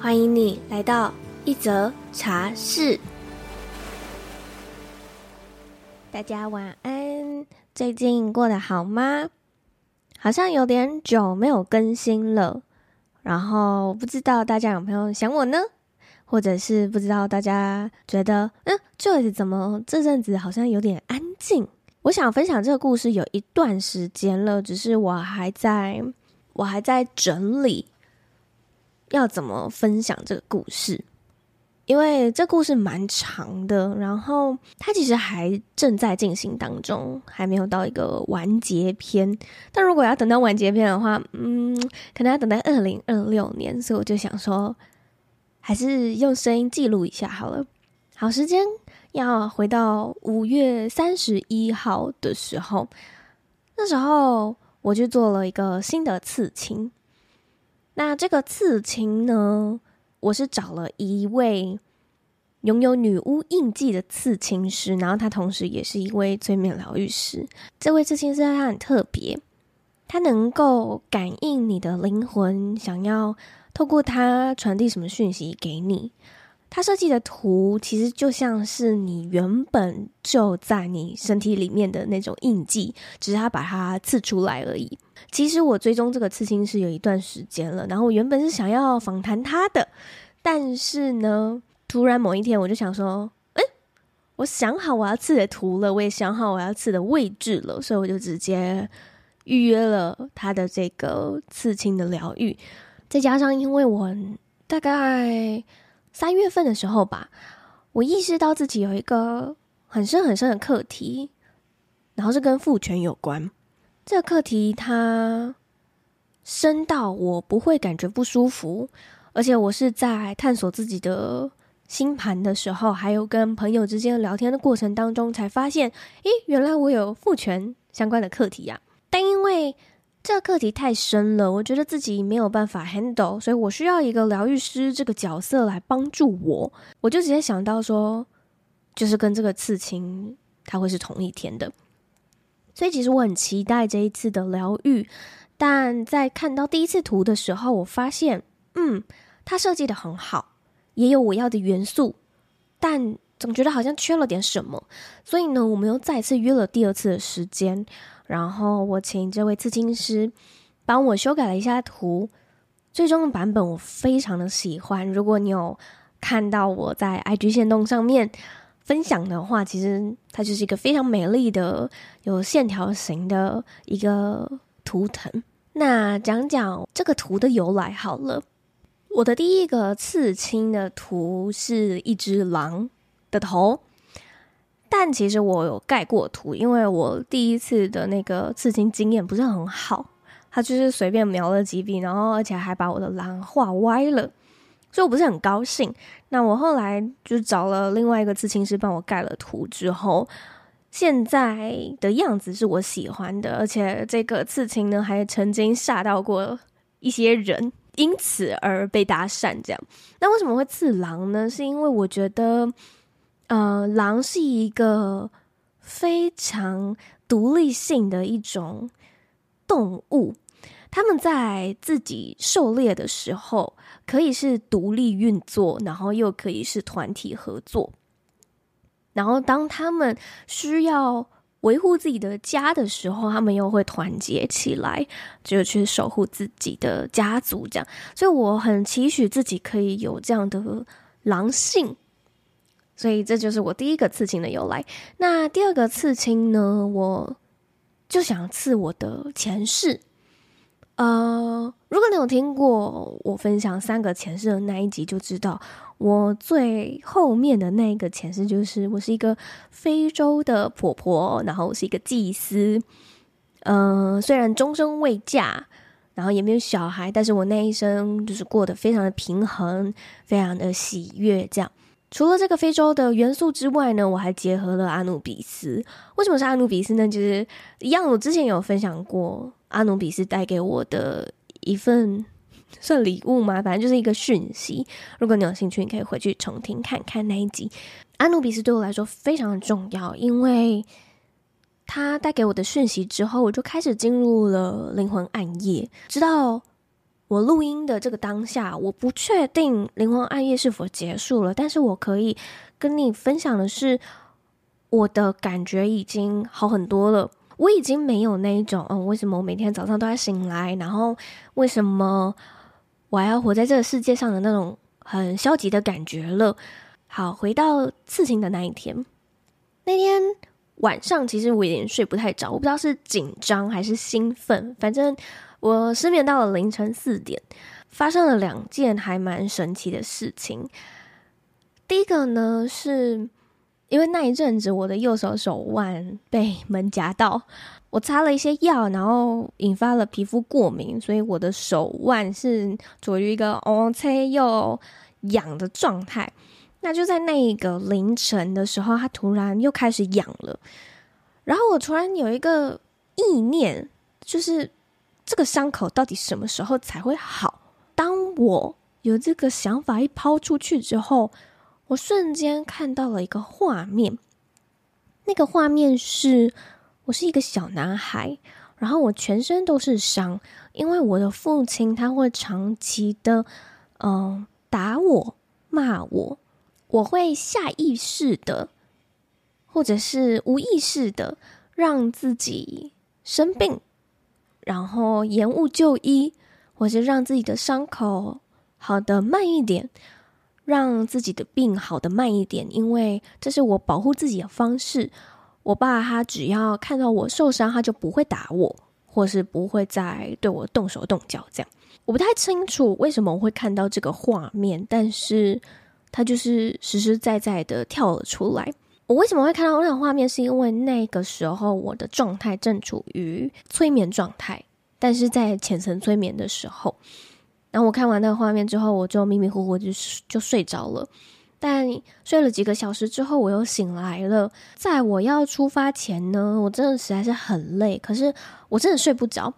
歡迎你來到一則茶室。大家晚安，最近過得好嗎？好像有點久沒有更新了，然後不知道大家有沒有想我呢？或者是不知道大家覺得，嗯，就是怎麼這陣子好像有點安靜？我想分享這個故事有一段時間了，只是我還在我還在整理。要怎麼分享這個故事？因為這故事蠻長的，然後它其實還正在進行當中，還沒有到一個完結篇。但如果要等到完結篇的話，嗯，可能要等到二零二六年。所以我就想說，還是用聲音記錄一下好了。好，時間要回到五月三十一號的時候，那時候我就做了一個新的刺青。那這個刺青呢，我是找了一位擁有女巫印記的刺青師，然後他同時也是一位催眠療癒師。這位刺青師他很特別，他能夠感應你的靈魂，想要透過他傳遞什麼訊息給你。他設計的圖其實就像是你原本就在你身體裡面的那種印記，只是他把它刺出來而已。其實我追蹤這個刺青是有一段時間了，然後我原本是想要訪談他的，但是呢，突然某一天我就想說，哎、欸，我想好我要刺的圖了，我也想好我要刺的位置了，所以我就直接預約了他的這個刺青的療癒。再加上因為我大概三月份的時候吧，我意識到自己有一個很深很深的課題，然後是跟父權有關。這個課題它深到我不會感覺不舒服，而且我是在探索自己的星盤的時候，還有跟朋友之間聊天的過程當中才發現，誒，原來我有父權相關的課題呀、啊。但因為這個課題太深了，我覺得自己沒有辦法 handle，所以我需要一個療癒師這個角色來幫助我。我就直接想到說，就是跟這個刺青，它會是同一天的。所以其實我很期待這一次的療癒，但在看到第一次圖的時候，我發現，嗯，它設計得很好，也有我要的元素，但總覺得好像缺了點什麼。所以呢，我們又再次約了第二次的時間。然後我請這位刺青師幫我修改了一下圖，最終的版本我非常的喜歡。如果你有看到我在 IG 限動上面分享的話，其實它就是一個非常美麗的有線條型的一個圖騰。那講講這個圖的由來好了，我的第一個刺青的圖是一隻狼的頭。但其實我有蓋過圖，因為我第一次的那個刺青經驗不是很好，他就是隨便描了幾筆，然後而且還把我的狼畫歪了，所以我不是很高興。那我後來就找了另外一個刺青師幫我蓋了圖之後，現在的樣子是我喜歡的，而且這個刺青呢還曾經嚇到過一些人，因此而被搭訕。這樣。那為什麼會刺狼呢？是因為我覺得。嗯、呃，狼是一個非常獨立性的一種動物。他們在自己狩獵的時候，可以是獨立運作，然後又可以是團體合作。然後，當他們需要維護自己的家的時候，他們又會團結起來，就去守護自己的家族。這樣，所以我很期許自己可以有這樣的狼性。所以這就是我第一個刺青的由來。那第二個刺青呢？我就想刺我的前世。呃，如果你有聽過我分享三個前世的那一集，就知道我最後面的那一個前世，就是我是一個非洲的婆婆，然後我是一個祭司。嗯、呃，雖然終生未嫁，然後也沒有小孩，但是我那一生就是過得非常的平衡，非常的喜悅，這樣。除了這個非洲的元素之外呢，我還結合了阿努比斯。為什麼是阿努比斯呢？就是一樣，我之前有分享過阿努比斯帶給我的一份算禮物嘛，反正就是一個訊息。如果你有興趣，你可以回去重聽看看那一集。阿努比斯對我來說非常重要，因為他帶給我的訊息之後，我就開始進入了靈魂暗夜，直到……我錄音的這個當下，我不確定靈魂暗夜是否結束了，但是我可以跟你分享的是，我的感覺已經好很多了，我已經沒有那一種，嗯，為什麼我每天早上都要醒來，然後為什麼我還要活在這個世界上的那種很消極的感覺了。好，回到刺青的那一天，那天晚上其實我已經睡不太着，我不知道是緊張還是興奮，反正。我失眠到了凌晨四點，發生了兩件還蠻神奇的事情。第一個呢，是因為那一陣子我的右手手腕被門夾到，我擦了一些藥，然後引發了皮膚過敏，所以我的手腕是處於一個又刺又癢的狀態。那就在那一個凌晨的時候，它突然又開始癢了，然後我突然有一個意念，就是。這個傷口到底什麼時候才會好？當我有這個想法一拋出去之後，我瞬間看到了一個畫面。那個畫面是我是一個小男孩，然後我全身都是傷，因為我的父親他會長期的嗯、呃、打我，罵我，我會下意識的或者是無意識的讓自己生病。然後延誤就醫，或是讓自己的傷口好的慢一點，讓自己的病好的慢一點，因為這是我保護自己的方式。我爸他只要看到我受傷，他就不會打我，或是不會再對我動手動腳這樣。我不太清楚為什麼我會看到這個畫面，但是他就是實實在在的跳了出來。我為什麼會看到那個畫面？是因為那個時候我的狀態正處於催眠狀態，但是在淺層催眠的時候，然後我看完那個畫面之後，我就迷迷糊糊就就睡着了。但睡了幾個小時之後，我又醒來了。在我要出發前呢，我真的實在是很累，可是我真的睡不着，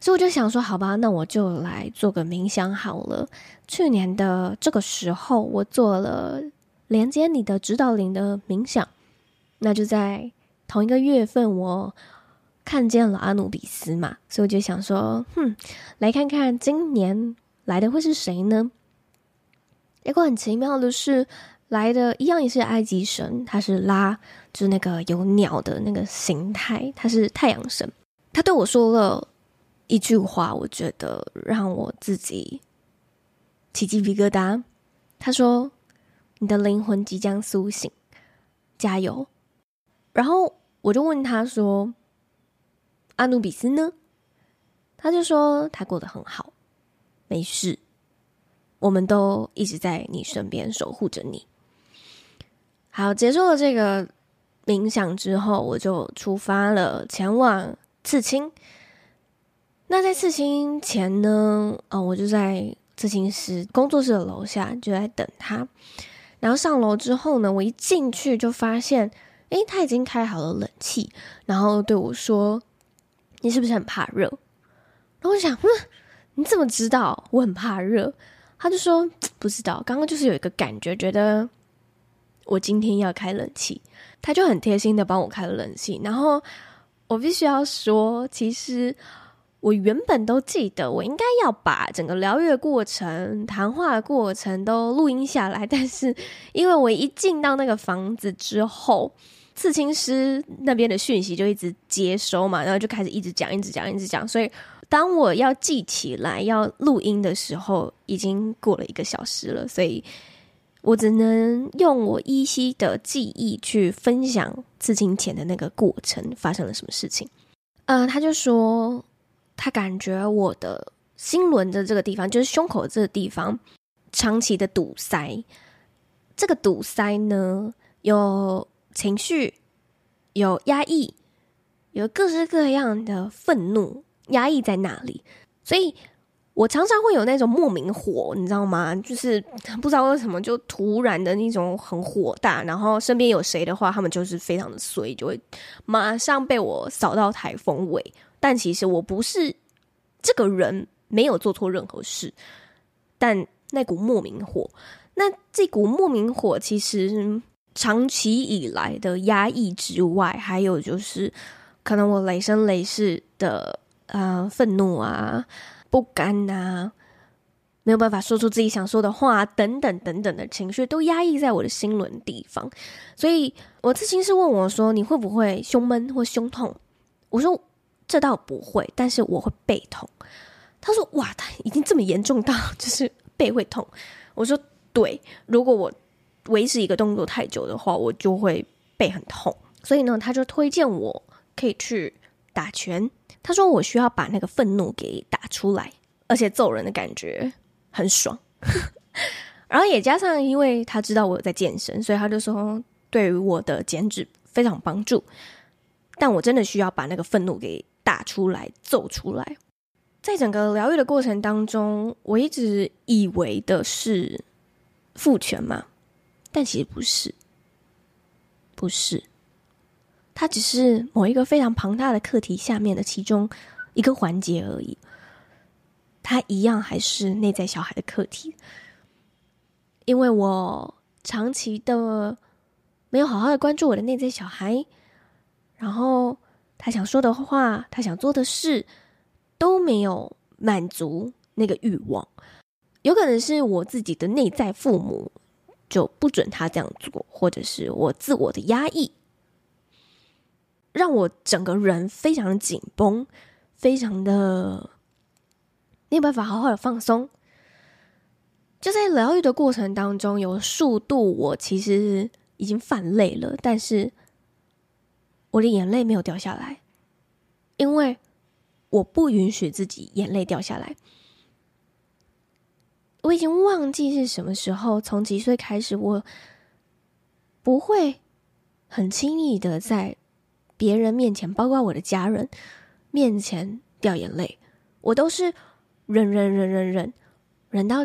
所以我就想說，好吧，那我就來做個冥想好了。去年的這個時候，我做了連接你的指導靈的冥想。那就在同一個月份，我看見了阿努比斯嘛，所以我就想說，哼，來看看今年來的會是誰呢？一個很奇妙的是，來的一樣也是埃及神，他是拉，就是那個有鳥的那個形態，他是太陽神。他對我說了一句話，我覺得讓我自己起雞皮疙瘩。他說：“你的靈魂即將蘇醒，加油。”然後我就問他說：“阿努比斯呢？”他就說：“他過得很好，沒事。我們都一直在你身邊守護着你。”好，結束了這個冥想之後，我就出發了，前往刺青。那在刺青前呢，哦，我就在刺青師工作室的樓下，就在等他。然後上樓之後呢，我一進去就發現。欸，他已經開好了冷氣，然後對我說：“你是不是很怕熱？”然後我就想：“嗯，你怎麼知道我很怕熱？”他就說：“不知道，剛剛就是有一個感覺，覺得我今天要開冷氣。”他就很貼心的幫我開了冷氣。然後我必須要說，其實我原本都記得，我應該要把整個療癒的過程、談話過程都錄音下來，但是因為我一進到那個房子之後。刺青師那邊的訊息就一直接收嘛，然後就開始一直講、一直講、一直講。所以當我要記起來要錄音的時候，已經過了一個小時了，所以我只能用我依稀的記憶去分享刺青前的那個過程發生了什麼事情。嗯、呃，他就說他感覺我的心輪的這個地方，就是胸口的這個地方，長期的堵塞。這個堵塞呢，有。情緒有壓抑，有各式各樣的憤怒壓抑在那裡，所以我常常會有那種莫名火，你知道嗎？就是不知道為什麼就突然的那種很火大，然後身邊有誰的話，他們就是非常的衰，就會馬上被我掃到颱風尾。但其實我不是這個人，沒有做錯任何事，但那股莫名火，那這股莫名火其實。長期以來的壓抑之外，還有就是可能我累生累世的啊、呃、憤怒啊、不甘啊，沒有辦法說出自己想說的話、啊、等等等等的情緒都壓抑在我的心輪地方。所以我諮詢師問我說：“你會不會胸悶或胸痛？”我說：“這倒不會，但是我會背痛。”他說：“哇，他已經這麼嚴重到就是背會痛。”我說：“對，如果我。”維持一個動作太久的話，我就會背很痛。所以呢，他就推薦我可以去打拳。他說我需要把那個憤怒給打出來，而且揍人的感覺很爽。 然後也加上，因為他知道我有在健身，所以他就說對於我的減脂非常幫助。但我真的需要把那個憤怒給打出來、揍出來。在整個療癒的過程當中，我一直以為的是父權嘛。但其實不是，不是，它只是某一個非常龐大的課題下面的其中一個環節而已。它一樣還是內在小孩的課題，因為我長期的沒有好好的關注我的內在小孩，然後他想說的話，他想做的事都沒有滿足那個慾望，有可能是我自己的內在父母。就不准他這樣做，或者是我自我的壓抑，讓我整個人非常緊繃，非常的沒有辦法好好的放鬆。就在療癒的過程當中，有數度我其實已經泛淚了，但是我的眼淚沒有掉下來，因為我不允許自己眼淚掉下來。我已經忘記是什麼時候，從幾歲開始，我不會很輕易的在別人面前，包括我的家人面前掉眼淚。我都是忍忍忍忍忍忍到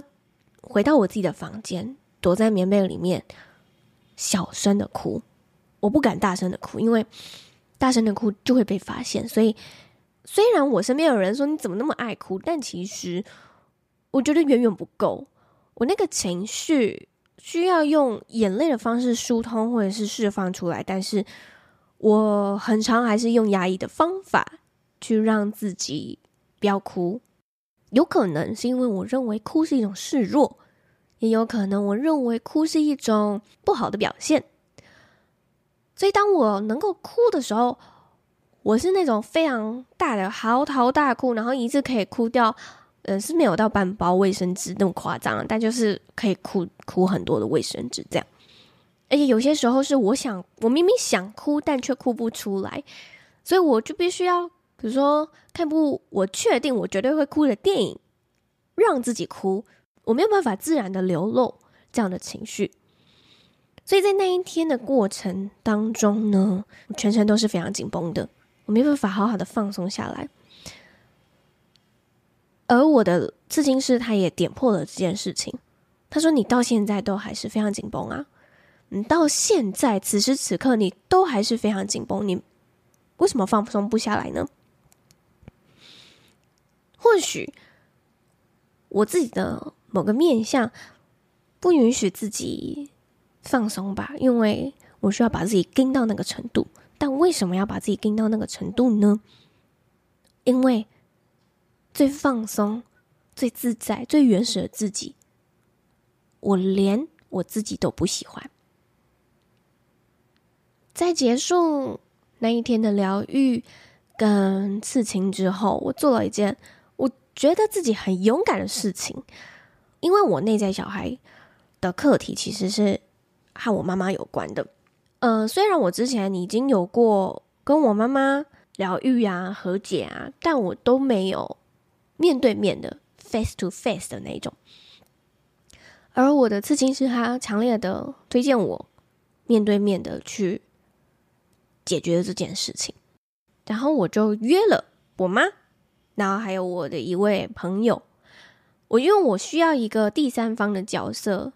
回到我自己的房間，躲在棉被裡面小聲的哭。我不敢大聲的哭，因為大聲的哭就會被發現。所以，雖然我身邊有人說你怎麼那麼愛哭，但其實。我覺得遠遠不夠，我那個情緒需要用眼淚的方式疏通或者是釋放出來，但是我很常還是用壓抑的方法去讓自己不要哭。有可能是因為我認為哭是一種示弱，也有可能我認為哭是一種不好的表現。所以當我能夠哭的時候，我是那種非常大的嚎啕大哭，然後一次可以哭掉。嗯，是沒有到半包衛生紙那麼誇張，但就是可以哭哭很多的衛生紙這樣。而且有些時候是我想，我明明想哭，但卻哭不出來，所以我就必須要，比如說看部我確定我絕對會哭的電影，讓自己哭。我沒有辦法自然的流露這樣的情緒，所以在那一天的過程當中呢，我全程都是非常緊繃的，我沒有辦法好好的放鬆下來。而我的諮詢師他也點破了這件事情，他說：“你到現在都還是非常緊繃啊，你到現在此時此刻你都還是非常緊繃，你為什麼放鬆不下來呢？”或許我自己的某個面向不允許自己放鬆吧，因為我需要把自己盯到那個程度。但為什麼要把自己盯到那個程度呢？因為。最放鬆、最自在、最原始的自己，我連我自己都不喜歡。在結束那一天的療癒跟刺青之後，我做了一件我覺得自己很勇敢的事情，因為我內在小孩的課題其實是和我媽媽有關的。嗯、呃，雖然我之前已經有過跟我媽媽療癒啊、和解啊，但我都沒有，面對面的 face to face 的那一種，而我的刺青師他強烈的推薦我面對面的去解決這件事情，然後我就約了我媽，然後還有我的一位朋友，我因為我需要一個第三方的角色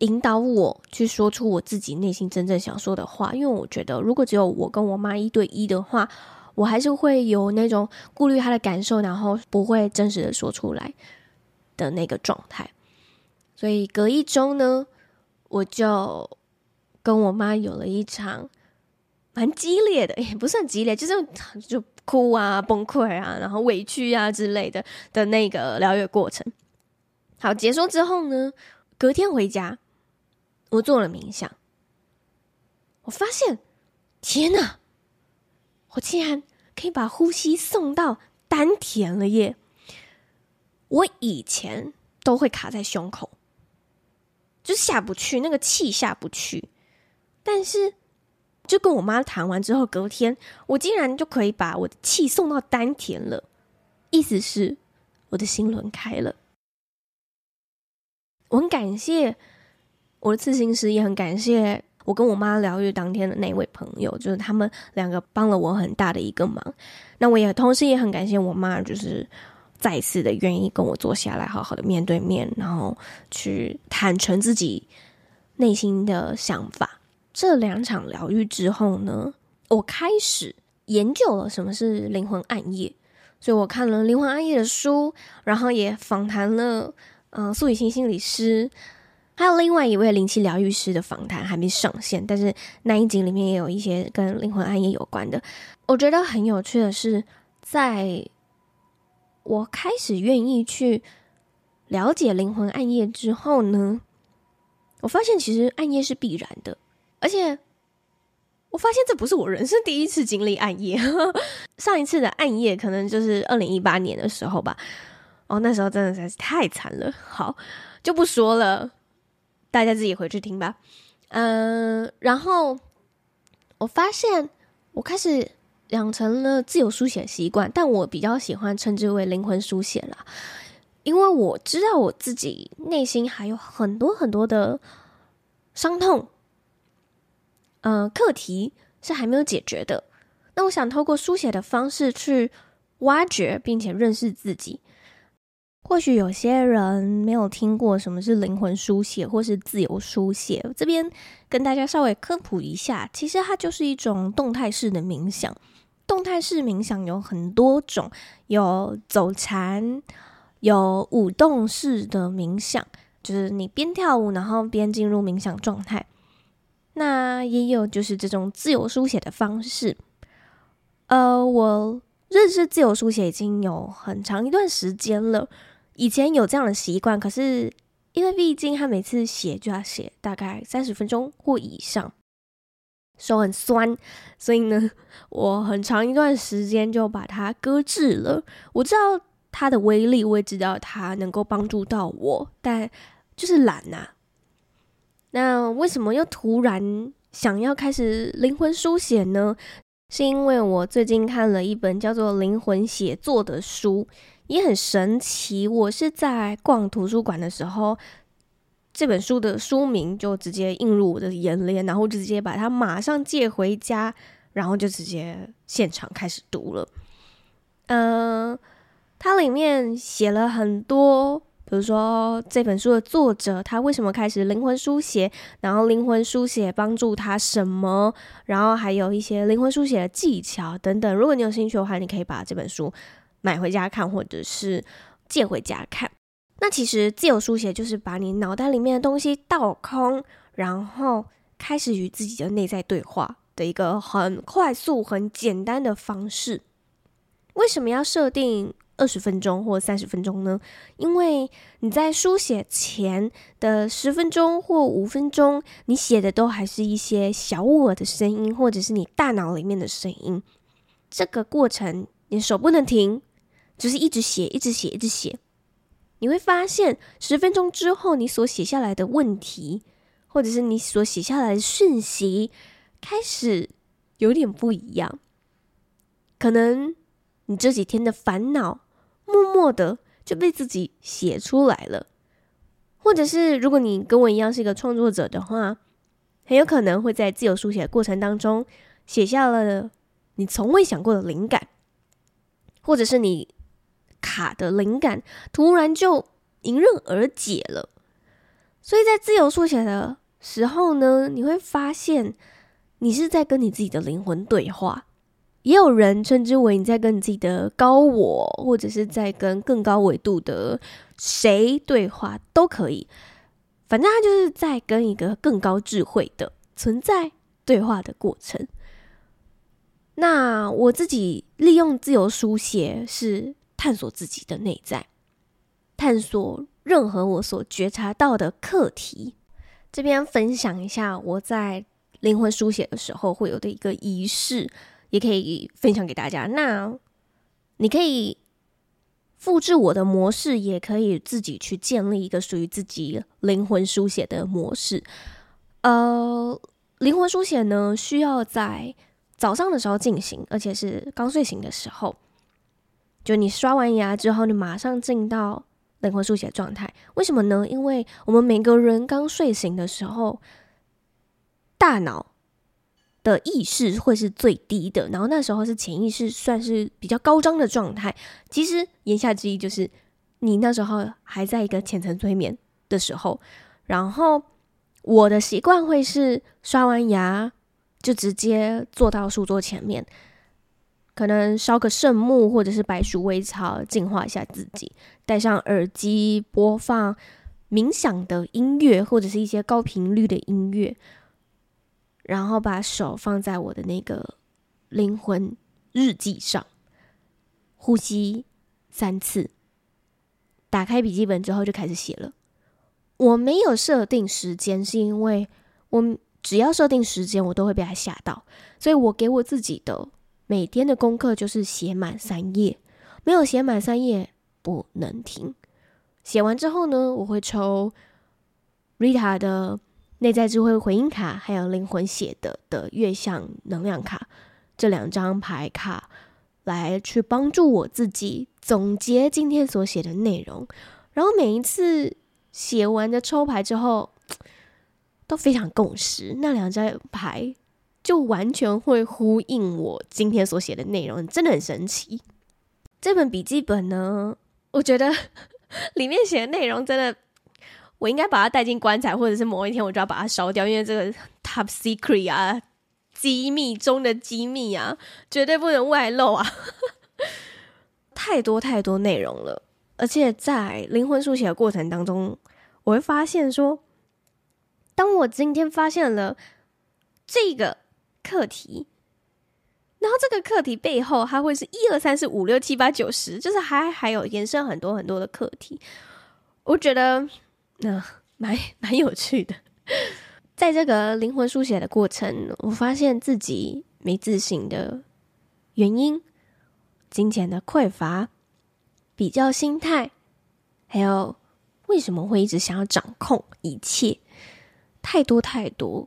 引導我去說出我自己內心真正想說的話，因為我覺得如果只有我跟我媽一對一的話，我還是會有那種顧慮他的感受，然後不會真實的說出來的那個狀態。所以隔一周呢，我就跟我媽有了一場蠻激烈的，也、欸、不算激烈，就是就哭啊、崩潰啊，然後委屈啊之類的的那個療癒過程。好，結束之後呢，隔天回家，我做了冥想，我發現，天吶、啊我竟然可以把呼吸送到丹田了耶！我以前都會卡在胸口，就下不去那個氣下不去。但是就跟我媽談完之後，隔天我竟然就可以把我的氣送到丹田了，意思是我的心輪開了。我很感謝我的諮詢師，也很感謝。我跟我媽療癒當天的那位朋友，就是他們兩個幫了我很大的一個忙。那我也同時也很感謝我媽，就是再次的願意跟我坐下來，好好的面對面，然後去坦誠自己內心的想法。這兩場療癒之後呢，我開始研究了什麼是靈魂暗夜，所以我看了《靈魂暗夜》的書，然後也訪談了嗯、呃、素雨晴心，心理師。還有另外一位靈氣療癒師的訪談還沒上線，但是那一集裡面也有一些跟靈魂暗夜有關的。我覺得很有趣的是，在我開始願意去了解靈魂暗夜之後呢，我發現其實暗夜是必然的，而且我發現這不是我人生第一次經歷暗夜， 上一次的暗夜可能就是二零一八年的時候吧。哦，那時候真的是太慘了，好，就不說了。大家自己回去聽吧，嗯、呃，然後我發現我開始養成了自由書寫習慣，但我比較喜歡稱之為靈魂書寫啦，因為我知道我自己內心還有很多很多的傷痛，嗯、呃，課題是還沒有解決的，那我想透過書寫的方式去挖掘並且認識自己。或許有些人沒有聽過什麼是靈魂書寫，或是自由書寫。這邊跟大家稍微科普一下，其實它就是一種動態式的冥想。動態式冥想有很多種，有走禪，有舞動式的冥想，就是你邊跳舞，然後邊進入冥想狀態。那也有就是這種自由書寫的方式。呃，我認識自由書寫已經有很長一段時間了。以前有這樣的習慣，可是因為畢竟他每次寫就要寫大概三十分鐘或以上，手很酸，所以呢，我很長一段時間就把它擱置了。我知道它的威力，我也知道它能夠幫助到我，但就是懶啊。那為什麼又突然想要開始靈魂書寫呢？是因為我最近看了一本叫做《靈魂寫作》的書。也很神奇，我是在逛圖書館的時候，這本書的書名就直接映入我的眼簾，然後直接把它馬上借回家，然後就直接現場開始讀了。嗯，它裡面寫了很多，比如說這本書的作者他為什麼開始靈魂書寫，然後靈魂書寫幫助他什麼，然後還有一些靈魂書寫的技巧等等。如果你有興趣的話，你可以把這本書。買回家看，或者是借回家看。那其實自由書寫就是把你腦袋裡面的東西倒空，然後開始與自己的內在對話的一個很快速、很簡單的方式。為什麼要設定二十分鐘或三十分鐘呢？因為你在書寫前的十分鐘或五分鐘，你寫的都還是一些小我的聲音，或者是你大腦裡面的聲音。這個過程。你手不能停，就是一直寫，一直寫，一直寫。你會發現，十分鐘之後，你所寫下來的問題，或者是你所寫下來的訊息，開始有點不一樣。可能你這幾天的煩惱，默默的就被自己寫出來了。或者是，如果你跟我一樣是一個創作者的話，很有可能會在自由書寫的過程當中，寫下了你從未想過的靈感。或者是你卡的靈感突然就迎刃而解了，所以在自由書寫的時候呢，你會發現你是在跟你自己的靈魂對話，也有人稱之為你在跟你自己的高我，或者是在跟更高維度的誰對話都可以，反正他就是在跟一個更高智慧的存在對話的過程。那我自己利用自由書寫是探索自己的內在，探索任何我所覺察到的課題。這邊分享一下我在靈魂書寫的時候會有的一個儀式，也可以分享給大家。那你可以複製我的模式，也可以自己去建立一個屬於自己靈魂書寫的模式。呃，靈魂書寫呢，需要在早上的時候進行，而且是剛睡醒的時候，就你刷完牙之後，你馬上進到靈魂書寫狀態。為什麼呢？因為我們每個人剛睡醒的時候，大腦的意識會是最低的，然後那時候是潛意識算是比較高張的狀態。其實言下之意就是，你那時候還在一個淺層催眠的時候。然後我的習慣會是刷完牙。就直接坐到書桌前面，可能燒個聖木或者是白鼠尾草淨化一下自己，戴上耳機播放冥想的音樂或者是一些高頻率的音樂，然後把手放在我的那個靈魂日記上，呼吸三次，打開筆記本之後就開始寫了。我沒有設定時間，是因為我。只要設定時間，我都會被它嚇到，所以我給我自己的每天的功課就是寫滿三頁，沒有寫滿三頁不能停。寫完之後呢，我會抽 Rita 的內在智慧回應卡，還有靈魂寫的的月相能量卡，這兩張牌卡，來去幫助我自己總結今天所寫的內容，然後每一次寫完的抽牌之後。都非常共識，那兩張牌就完全會呼應我今天所寫的內容，真的很神奇。這本筆記本呢，我覺得裡面寫的內容真的，我應該把它帶進棺材，或者是某一天我就要把它燒掉，因為這個 top secret 啊，機密中的機密啊，絕對不能外露啊。太多太多內容了，而且在靈魂書寫的過程當中，我會發現說，當我今天發現了這個課題，然後這個課題背後，它會是一二三四五六七八九十，就是還還有延伸很多很多的課題。我覺得，那、呃、蠻蠻有趣的。 在這個靈魂書寫的過程，我發現自己沒自信的原因、金錢的匱乏、比較心態，還有為什麼會一直想要掌控一切。太多太多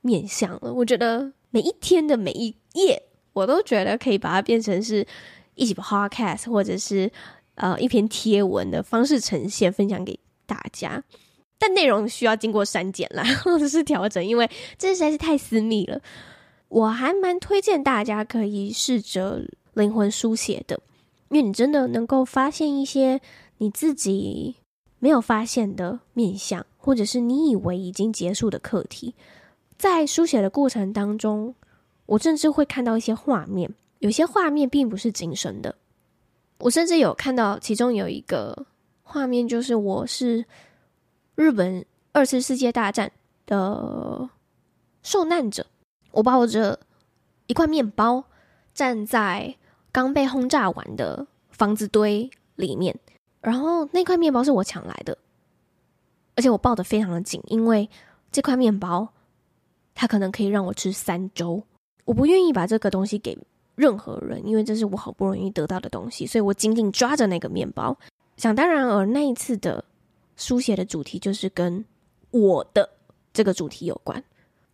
面向了，我覺得每一天的每一夜，我都覺得可以把它變成是一集 podcast，或者是呃一篇貼文的方式呈現分享給大家，但內容需要經過刪減啦或者 是調整，因為這實在是太私密了。我還蠻推薦大家可以試着靈魂書寫的，因為你真的能夠發現一些你自己沒有發現的面向。或者是你以為已經結束的課題，在書寫的過程當中，我甚至會看到一些畫面，有些畫面並不是今生的。我甚至有看到其中有一個畫面，就是我是日本二次世界大戰的受難者，我抱着一塊麵包，站在剛被轟炸完的房子堆裡面，然後那塊麵包是我搶來的。而且我抱得非常的緊，因為這塊麵包，它可能可以讓我吃三週。我不願意把這個東西給任何人，因為這是我好不容易得到的東西。所以我緊緊抓着那個麵包。想當然，而那一次的書寫的主題就是跟我的這個主題有關。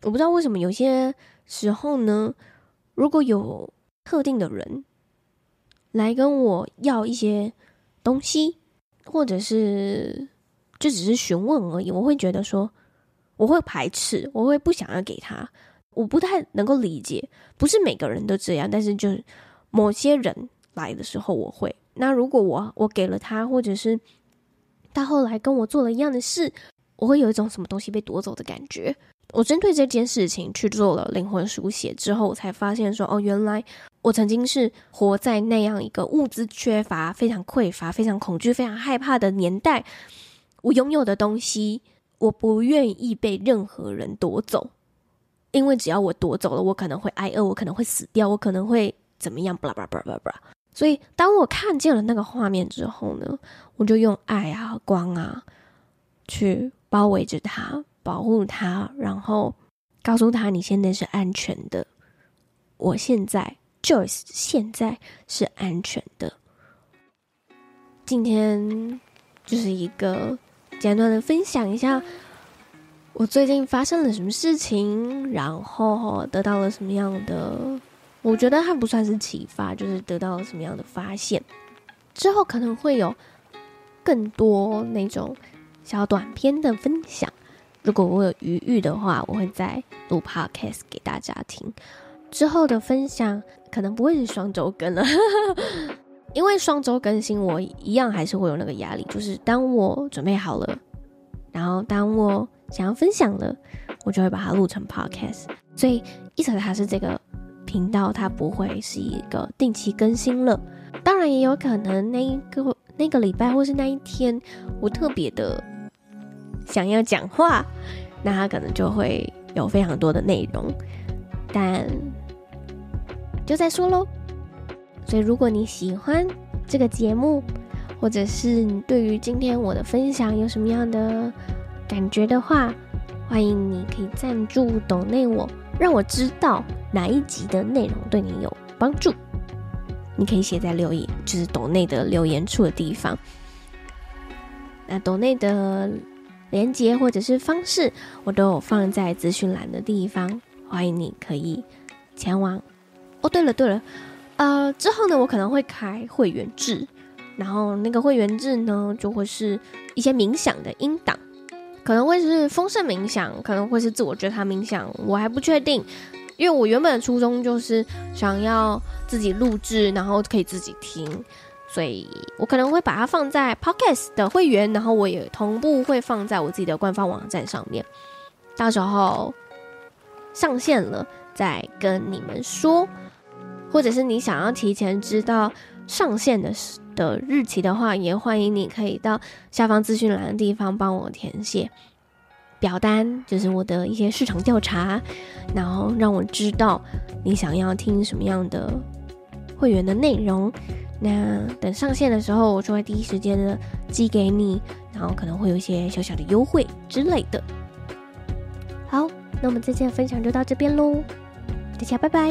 我不知道為什麼有些時候呢，如果有特定的人來跟我要一些東西，或者是。就只是詢問而已，我會覺得說，我會排斥，我會不想要給他，我不太能夠理解，不是每個人都這樣，但是就是某些人來的時候，我會。那如果我我給了他，或者是他後來跟我做了一樣的事，我會有一種什麼東西被奪走的感覺。我針對這件事情去做了靈魂書寫之後，我才發現說，哦，原來我曾經是活在那樣一個物資缺乏、非常匱乏、非常恐懼、非常害怕的年代。我擁有的東西，我不願意被任何人奪走，因為只要我奪走了，我可能會挨餓，我可能會死掉，我可能會怎麼樣？巴拉巴拉巴拉巴拉。所以，當我看見了那個畫面之後呢，我就用愛啊、光啊，去包圍着他，保護他，然後告訴他：“你現在是安全的，我現在就是現在是安全的。”今天就是一個。簡短的分享一下，我最近發生了什麼事情，然後得到了什麼樣的，我覺得還不算是啟發，就是得到了什麼樣的發現。之後可能會有更多那種小短片的分享，如果我有餘裕的話，我會再錄 Podcast 給大家聽。之後的分享可能不會是雙週更了。因為雙周更新，我一樣還是會有那個壓力。就是當我準備好了，然後當我想要分享了，我就會把它錄成 podcast。所以，意思是它是這個頻道，它不會是一個定期更新了。當然，也有可能那一個那個禮拜或是那一天，我特別的想要講話，那它可能就會有非常多的內容。但就再說嘍。所以，如果你喜歡這個節目，或者是你對於今天我的分享有什麼樣的感覺的話，歡迎你可以贊助斗內我，讓我知道哪一集的內容對你有幫助。你可以寫在留言，就是斗內的留言處的地方。那斗內的連接或者是方式，我都有放在資訊欄的地方。歡迎你可以前往。哦，對了，對了。呃，之後呢，我可能會開會員制，然後那個會員制呢，就會是一些冥想的音檔，可能會是豐盛冥想，可能會是自我覺察冥想，我還不確定，因為我原本的初衷就是想要自己錄製，然後可以自己聽，所以我可能會把它放在 podcast 的會員，然後我也同步會放在我自己的官方網站上面，到時候上線了再跟你們說。或者是你想要提前知道上線的的日期的話，也歡迎你可以到下方資訊欄的地方幫我填寫表單，就是我的一些市場調查，然後讓我知道你想要聽什麼樣的會員的內容。那等上線的時候，我就會第一時間的寄給你，然後可能會有一些小小的優惠之類的。好，那我們這期的分享就到這邊嘍，大家拜拜。